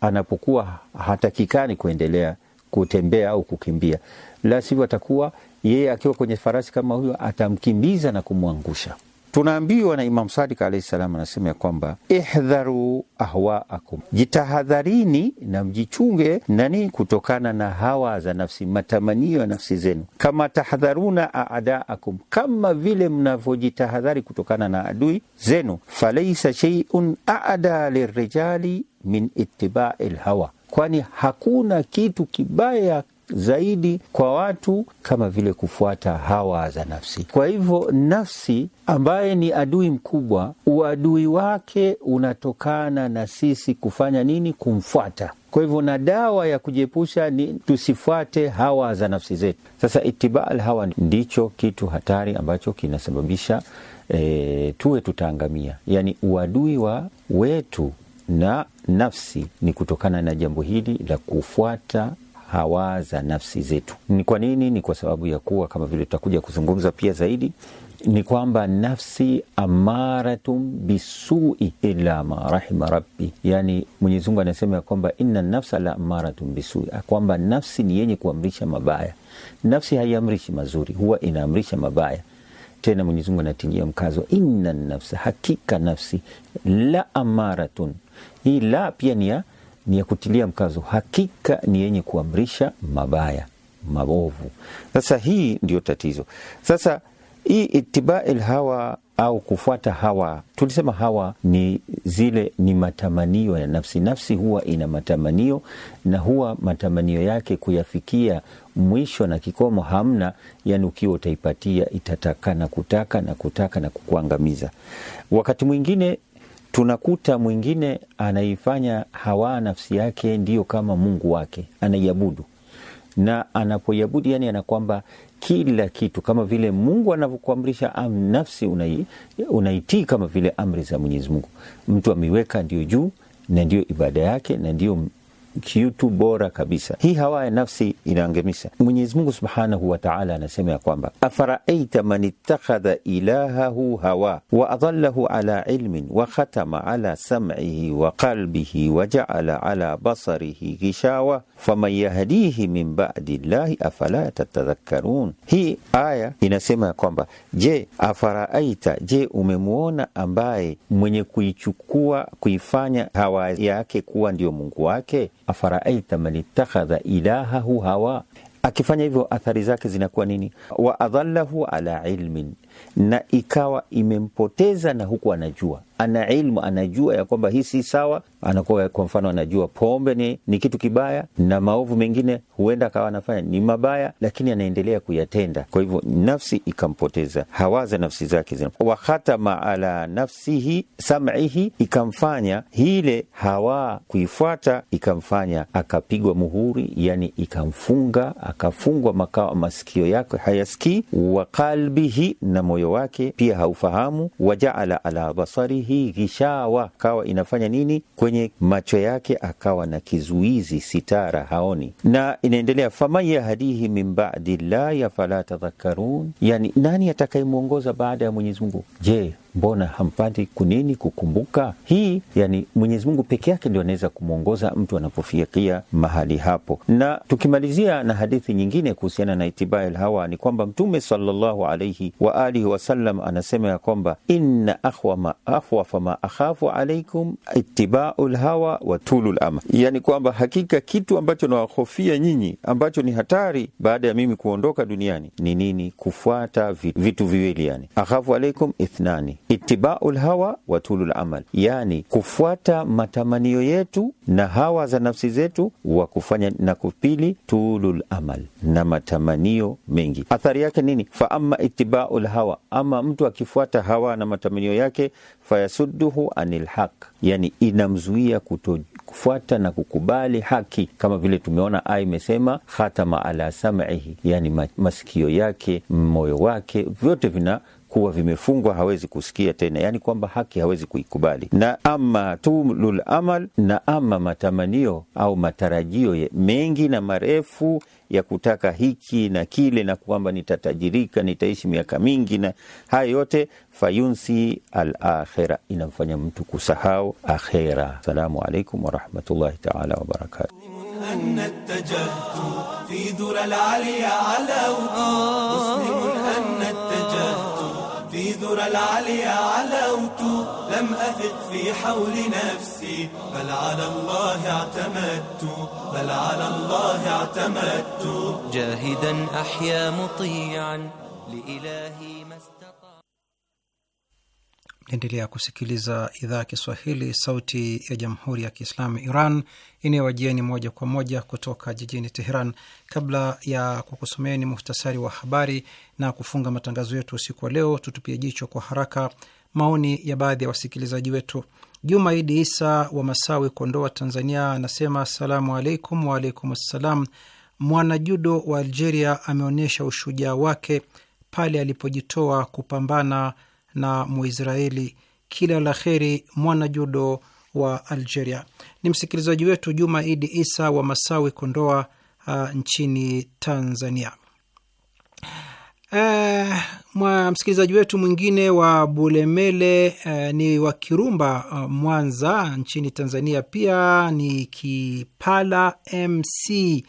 [SPEAKER 7] anapokuwa hatakikani kuendelea kutembea au kukimbia, la sivyo atakuwa yeye akiwa kwenye farasi kama huyo atamkimbiza na kumwangusha tunaambiwa na Imam Sadik alaihi salam, anasema ya kwamba ihdharu ahwaakum, jitahadharini na mjichunge nani, kutokana na hawa za nafsi, matamanio ya nafsi zenu, kama tahdharuna aadaakum, kama vile mnavyojitahadhari kutokana na adui zenu. Falaisa sheiun ada lirijali min itibai lhawa, kwani hakuna kitu kibaya zaidi kwa watu kama vile kufuata hawa za nafsi. Kwa hivyo nafsi ambaye ni adui mkubwa, uadui wake unatokana na sisi kufanya nini? Kumfuata. Kwa hivyo na dawa ya kujiepusha ni tusifuate hawa za nafsi zetu. Sasa itibaa al hawa ndicho kitu hatari ambacho kinasababisha e, tuwe tutaangamia, yaani uadui wa wetu na nafsi ni kutokana na jambo hili la kufuata hawa za nafsi zetu. Ni kwa nini? Ni kwa sababu ya kuwa kama vile tutakuja kuzungumza pia zaidi ni kwamba nafsi amaratum bisui ila ma rahima rabbi, yani Mwenyezi Mungu anasema ya kwamba inna nafsa la amaratum bisui, kwamba nafsi ni yenye kuamrisha mabaya. Nafsi haiamrishi mazuri, huwa inaamrisha mabaya. Tena Mwenyezi Mungu anatingia mkazo inna nafsa, hakika nafsi la amaratun. Hii la pia ni ya ni ya kutilia mkazo, hakika ni yenye kuamrisha mabaya mabovu. Sasa hii ndiyo tatizo. Sasa hii itibail hawa au kufuata hawa, tulisema hawa ni zile, ni matamanio ya nafsi. Nafsi huwa ina matamanio na huwa matamanio yake kuyafikia mwisho na kikomo hamna, yani ukiwa utaipatia itataka na kutaka na kutaka na kukuangamiza. Wakati mwingine tunakuta mwingine anaifanya hawa nafsi yake ndiyo kama Mungu wake, anaiabudu na anapoiabudu, yani ana kwamba kila kitu kama vile Mungu anavyokuamrisha, nafsi unaitii unai kama vile amri za Mwenyezi Mungu. Mtu ameiweka ndio juu na ndio ibada yake na ndio kitu bora kabisa. Hii hawa ya nafsi inaangemisha. Mwenyezi Mungu subhanahu wa taala anasema ya kwamba afaraaita man ittakhadha ilahahu hawa wa adallahu ala ilmin wa khatama ala sam'ihi wa qalbihi wa jaala ala basarihi gishawa faman yahdihi min ba'di llahi afala tatadhakkarun. Hii aya inasema ya kwamba je, afaraaita, je umemwona ambaye mwenye kuichukua kuifanya hawa yake kuwa ndio Mungu wake afaraaita man ittakhadha ilahahu hawa. Akifanya hivyo athari zake zinakuwa nini? Wa adhallahu ala ilmin na ikawa imempoteza na huku anajua ana ilmu, anajua ya kwamba hii si sawa. Anakuwa kwa mfano, anajua pombe ni, ni kitu kibaya na maovu mengine huenda akawa anafanya ni mabaya, lakini anaendelea kuyatenda. Kwa hivyo nafsi ikampoteza, hawaza nafsi zake zina wakhatama ala nafsihi sam'ihi, ikamfanya hile hawa kuifuata, ikamfanya akapigwa muhuri, yani ikamfunga, akafungwa makao masikio yake hayasikii, wa qalbihi na moyo wake pia haufahamu, wajaala ala basarihi ghishawa, kawa inafanya nini kwenye macho yake, akawa na kizuizi sitara, haoni. Na inaendelea faman yahdihi min badi llahi afala tadhakkarun, yani nani atakayemwongoza baada ya Mwenyezi Mungu? Je, mbona hampati kunini kukumbuka hii? Yani Mwenyezi Mungu peke yake ndio anaweza kumwongoza mtu anapofikia mahali hapo. Na tukimalizia na hadithi nyingine kuhusiana na itibai lhawa ni kwamba Mtume salllahu alaihi wa alihi wasallam anasema ya kwamba inna ahwafa ma akhafu alaikum itibau lhawa wa tulu lama, yani kwamba hakika kitu ambacho nawahofia nyinyi ambacho ni hatari baada ya mimi kuondoka duniani ni nini? Kufuata vitu viwili, yani akhafu alaikum ithnani itibau hawa wa tulul amal, yani kufuata matamanio yetu na hawa za nafsi zetu, wa kufanya na kupili tulul amal na matamanio mengi. Athari yake nini? Fa ama ittibaul hawa, ama mtu akifuata hawa na matamanio yake, fayasudduhu anil haq, yani inamzuia kuto kufuata na kukubali haki, kama vile tumeona aya imesema khatama ala sam'ihi, yani masikio yake, moyo wake, vyote vina kuwa vimefungwa hawezi kusikia tena, yaani kwamba haki hawezi kuikubali. Na ama tulul amal, na ama matamanio au matarajio mengi na marefu ya kutaka hiki na kile na kwamba nitatajirika, nitaishi miaka mingi, na haya yote fayunsi alakhira, inamfanya mtu kusahau akhira. Assalamu alaikum warahmatullahi taala wabarakatu.
[SPEAKER 5] ذر العلي علوت لم أثق في حول نفسي بل على الله اعتمدت بل على الله اعتمدت
[SPEAKER 8] جاهدا أحيا مطيعا لإلهي ما استطاع
[SPEAKER 1] Naendelea kusikiliza idhaa ya Kiswahili, sauti ya jamhuri ya kiislamu Iran inayowajieni moja kwa moja kutoka jijini Teheran. Kabla ya kukusomeni muhtasari wa habari na kufunga matangazo yetu usiku wa leo, tutupie jicho kwa haraka maoni ya baadhi ya wasikilizaji wetu. Juma Idi Isa wa Masawi, Kondoa, Tanzania, anasema assalamu alaikum. Waalaikum assalam. Mwanajudo wa Algeria ameonyesha ushujaa wake pale alipojitoa kupambana na Mwisraeli. Kila la kheri mwanajudo wa Algeria. Ni msikilizaji wetu Juma Idi Isa wa Masawi, Kondoa, uh, nchini Tanzania. Eh, mwa msikilizaji wetu mwingine wa Bulemele eh, ni wa Kirumba uh, Mwanza nchini Tanzania, pia ni Kipala MC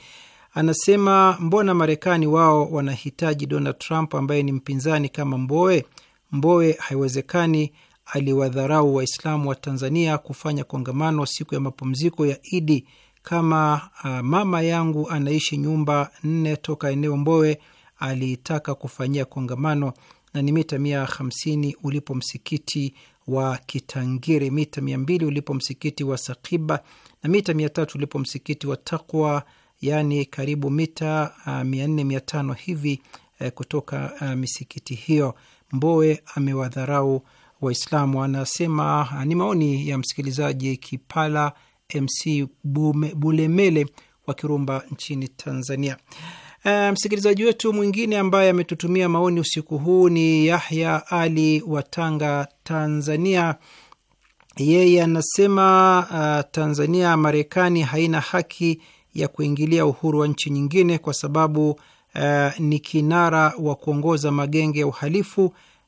[SPEAKER 1] anasema, mbona Marekani wao wanahitaji Donald Trump ambaye ni mpinzani kama Mbowe? Mbowe haiwezekani aliwadharau Waislamu wa Tanzania kufanya kongamano siku ya mapumziko ya Idi. Kama uh, mama yangu anaishi nyumba nne toka eneo Mbowe alitaka kufanyia kongamano na ni mita mia hamsini ulipo msikiti wa Kitangiri, mita mia mbili ulipo msikiti wa Sakiba na mita mia tatu ulipo msikiti wa Takwa, yaani karibu mita uh, mia mia tano hivi eh, kutoka uh, misikiti hiyo. Mbowe amewadharau Waislamu, anasema uh, ni maoni ya msikilizaji Kipala MC Bulemele wa Kirumba nchini Tanzania. Eh, msikilizaji um, wetu mwingine ambaye ametutumia maoni usiku huu ni Yahya Ali wa Tanga, Tanzania. Yeye anasema uh, Tanzania, Marekani haina haki ya kuingilia uhuru wa nchi nyingine kwa sababu uh, ni kinara wa kuongoza magenge ya uhalifu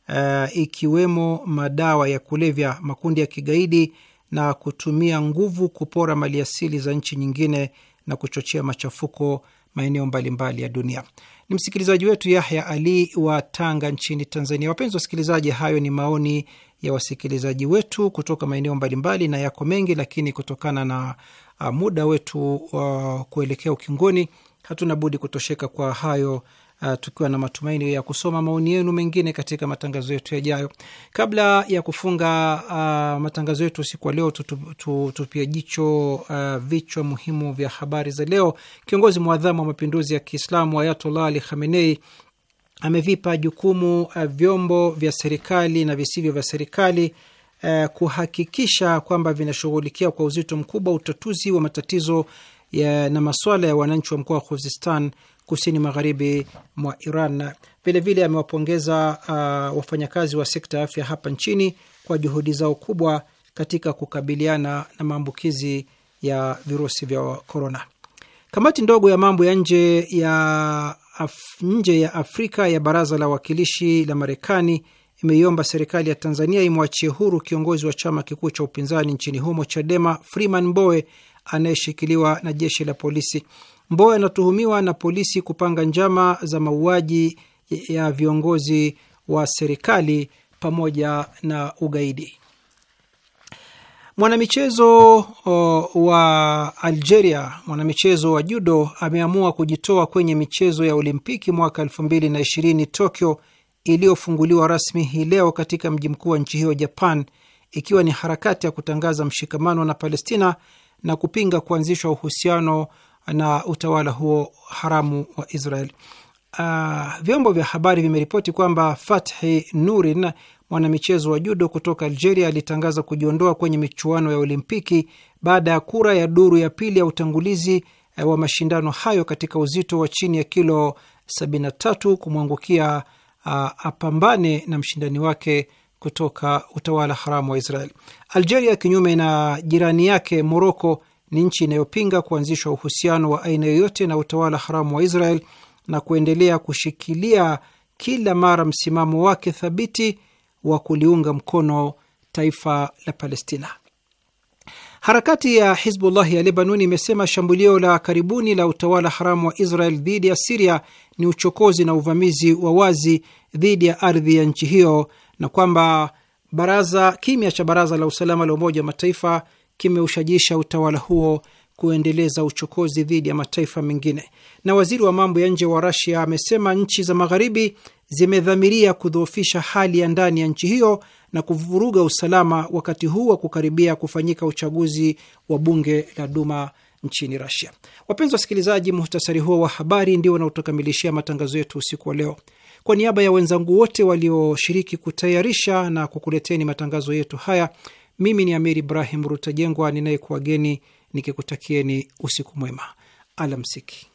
[SPEAKER 1] uh, ikiwemo madawa ya kulevya, makundi ya kigaidi na kutumia nguvu kupora maliasili za nchi nyingine na kuchochea machafuko maeneo mbalimbali ya dunia. Ni msikilizaji wetu Yahya Ali wa Tanga nchini Tanzania. Wapenzi wasikilizaji, hayo ni maoni ya wasikilizaji wetu kutoka maeneo mbalimbali na yako mengi, lakini kutokana na uh, muda wetu wa uh, kuelekea ukingoni, hatuna budi kutosheka kwa hayo uh, tukiwa na matumaini ya kusoma maoni yenu mengine katika matangazo yetu yajayo. Kabla ya kufunga uh, matangazo yetu usiku wa leo, tutupia jicho uh, vichwa muhimu vya habari za leo. Kiongozi mwadhamu wa mapinduzi ya Kiislamu Ayatollah Ali Khamenei amevipa jukumu uh, vyombo vya serikali na visivyo vya serikali uh, kuhakikisha kwamba vinashughulikia kwa uzito mkubwa utatuzi wa matatizo ya, na masuala ya wananchi wa mkoa wa Khuzistan kusini magharibi mwa Iran. Vilevile amewapongeza uh, wafanyakazi wa sekta ya afya hapa nchini kwa juhudi zao kubwa katika kukabiliana na maambukizi ya virusi vya korona. Kamati ndogo ya mambo ya nje ya, af, nje ya Afrika ya baraza la wawakilishi la Marekani imeiomba serikali ya Tanzania imwachie huru kiongozi wa chama kikuu cha upinzani nchini humo Chadema Freeman Mbowe anayeshikiliwa na jeshi la polisi. Mbowe anatuhumiwa na polisi kupanga njama za mauaji ya viongozi wa serikali pamoja na ugaidi. Mwanamichezo wa Algeria, mwanamichezo wa judo ameamua kujitoa kwenye michezo ya Olimpiki mwaka ishirini Tokyo iliyofunguliwa rasmi hii leo katika mji mkuu wa nchi hiyo Japan, ikiwa ni harakati ya kutangaza mshikamano na Palestina na kupinga kuanzishwa uhusiano na utawala huo haramu wa Israel. Uh, vyombo vya habari vimeripoti kwamba Fathi Nurin, mwanamichezo wa judo kutoka Algeria, alitangaza kujiondoa kwenye michuano ya Olimpiki baada ya kura ya duru ya pili ya utangulizi eh, wa mashindano hayo katika uzito wa chini ya kilo 73 kumwangukia uh, apambane na mshindani wake kutoka utawala haramu wa Israel. Algeria, kinyume na jirani yake Moroko, ni nchi inayopinga kuanzishwa uhusiano wa aina yoyote na utawala haramu wa Israel na kuendelea kushikilia kila mara msimamo wake thabiti wa kuliunga mkono taifa la Palestina. Harakati ya Hizbullahi ya Lebanon imesema shambulio la karibuni la utawala haramu wa Israel dhidi ya Siria ni uchokozi na uvamizi wa wazi dhidi ya ardhi ya nchi hiyo na kwamba baraza kimya cha baraza la usalama la Umoja wa Mataifa kimeushajisha utawala huo kuendeleza uchokozi dhidi ya mataifa mengine. Na waziri wa mambo ya nje wa Rasia amesema nchi za magharibi zimedhamiria kudhoofisha hali ya ndani ya nchi hiyo na kuvuruga usalama wakati huu wa kukaribia kufanyika uchaguzi wa bunge la Duma nchini Rasia. Wapenzi wasikilizaji, muhtasari huo wa habari ndio unaotukamilishia matangazo yetu usiku wa leo. Kwa niaba ya wenzangu wote walioshiriki kutayarisha na kukuleteni matangazo yetu haya, mimi ni Amir Ibrahim Rutajengwa ninayekuwageni nikikutakieni usiku mwema. Alamsiki.